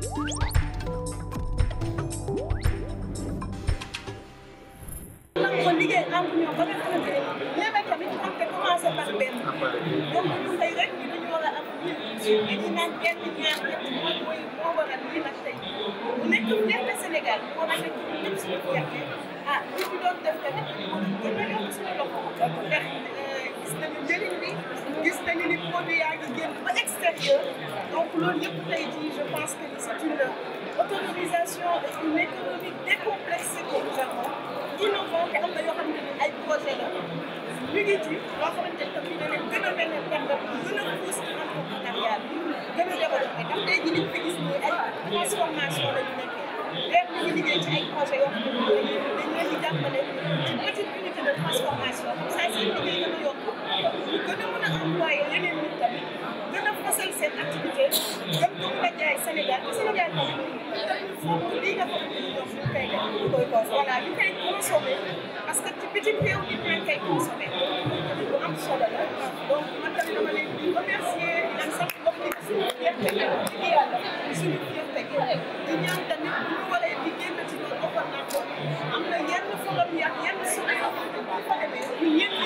am ko liggéey am ko ñoom ba nga xamante ne léegi tamit am te commencé par benn donc bu tey rek ñu dañu war a am ñun ñu naan benn ñaar ñett mooy mooy moo waral lii nag tey bu nekkul nekk Sénégal moo tax nekk ñëpp suñu jàkkee ah li ñu doon def tamit moo doon gën a yokk suñu loxo gis nañu njëriñ bi gis nañu ni produit yaa ngi génn ba extérieur donc loolu yëpp tey jii je pense que c'est une autonomisation et une économie décomplexée que nous avons innovante am na yoo xam ne ay projet la ñu ngi ci loo xamante ne tamit danañ gën a mel ne perte gën a pousse ci entrepreneuriat bi gën a développé ndax tey jii liñ fi gis nii ay transformation la ñu nekkee lépp ñu ngi liggéey ci ay projet yoo xam ne dañ leen di jàppale ci petite unité de transformation comme ça seen liggéey gën a seen activité gën ko mën a jaay Sénégal te Sénégal moom lii nga xam ne ñoom ñu koy def ñu koy def voilà ñu koy consommé parce que ci bitim réew mi ñu koy consommé lu am solo la donc man tamit dama leen di remercier di leen sant mbokk yi suñu gerte gi di yàlla suñu gerte gi di ñaan tamit bu ñu waree di génn ci loolu waxoon naa ko am na yenn forom yi ak yenn suñu yoo xam ne bu ko demee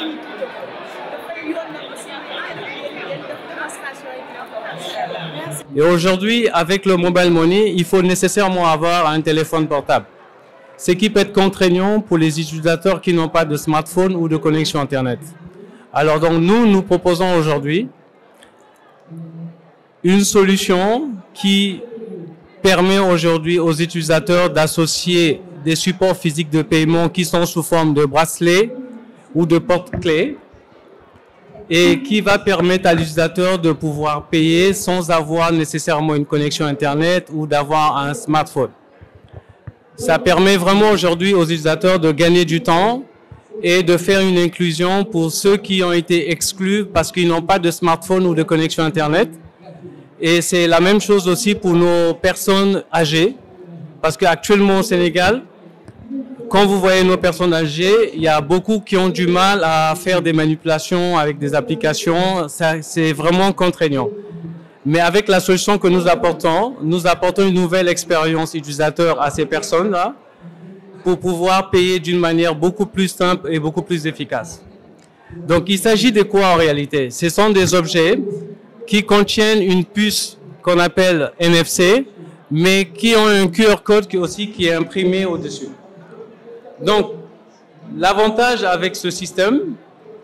Et aujourd'hui, avec le mobile money, il faut nécessairement avoir un téléphone portable, ce qui peut être contraignant pour les utilisateurs qui n'ont pas de smartphone ou de connexion Internet. Alors donc nous, nous proposons aujourd'hui une solution qui permet aujourd'hui aux utilisateurs d'associer des supports physiques de paiement qui sont sous forme de bracelets ou de porte-clés et qui va permettre à l'utilisateur de pouvoir payer sans avoir nécessairement une connexion Internet ou d'avoir un smartphone. Ça permet vraiment aujourd'hui aux utilisateurs de gagner du temps et de faire une inclusion pour ceux qui ont été exclus parce qu'ils n'ont pas de smartphone ou de connexion Internet. Et c'est la même chose aussi pour nos personnes âgées, parce qu'actuellement au Sénégal, quand vous voyez nos personnes âgées, il y a beaucoup qui ont du mal à faire des manipulations avec des applications. C'est vraiment contraignant. Mais avec la solution que nous apportons, nous apportons une nouvelle expérience utilisateur à ces personnes-là pour pouvoir payer d'une manière beaucoup plus simple et beaucoup plus efficace. Donc il s'agit de quoi en réalité Ce sont des objets qui contiennent une puce qu'on appelle NFC, mais qui ont un QR code aussi au Donc, l'avantage avec ce système,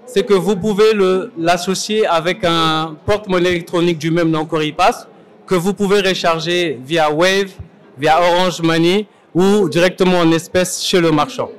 c'est que vous pouvez l'associer avec un porte-monnaie électronique du même nom Coripass que vous pouvez recharger via Wave, via Orange Money ou directement en espèces chez le marchand.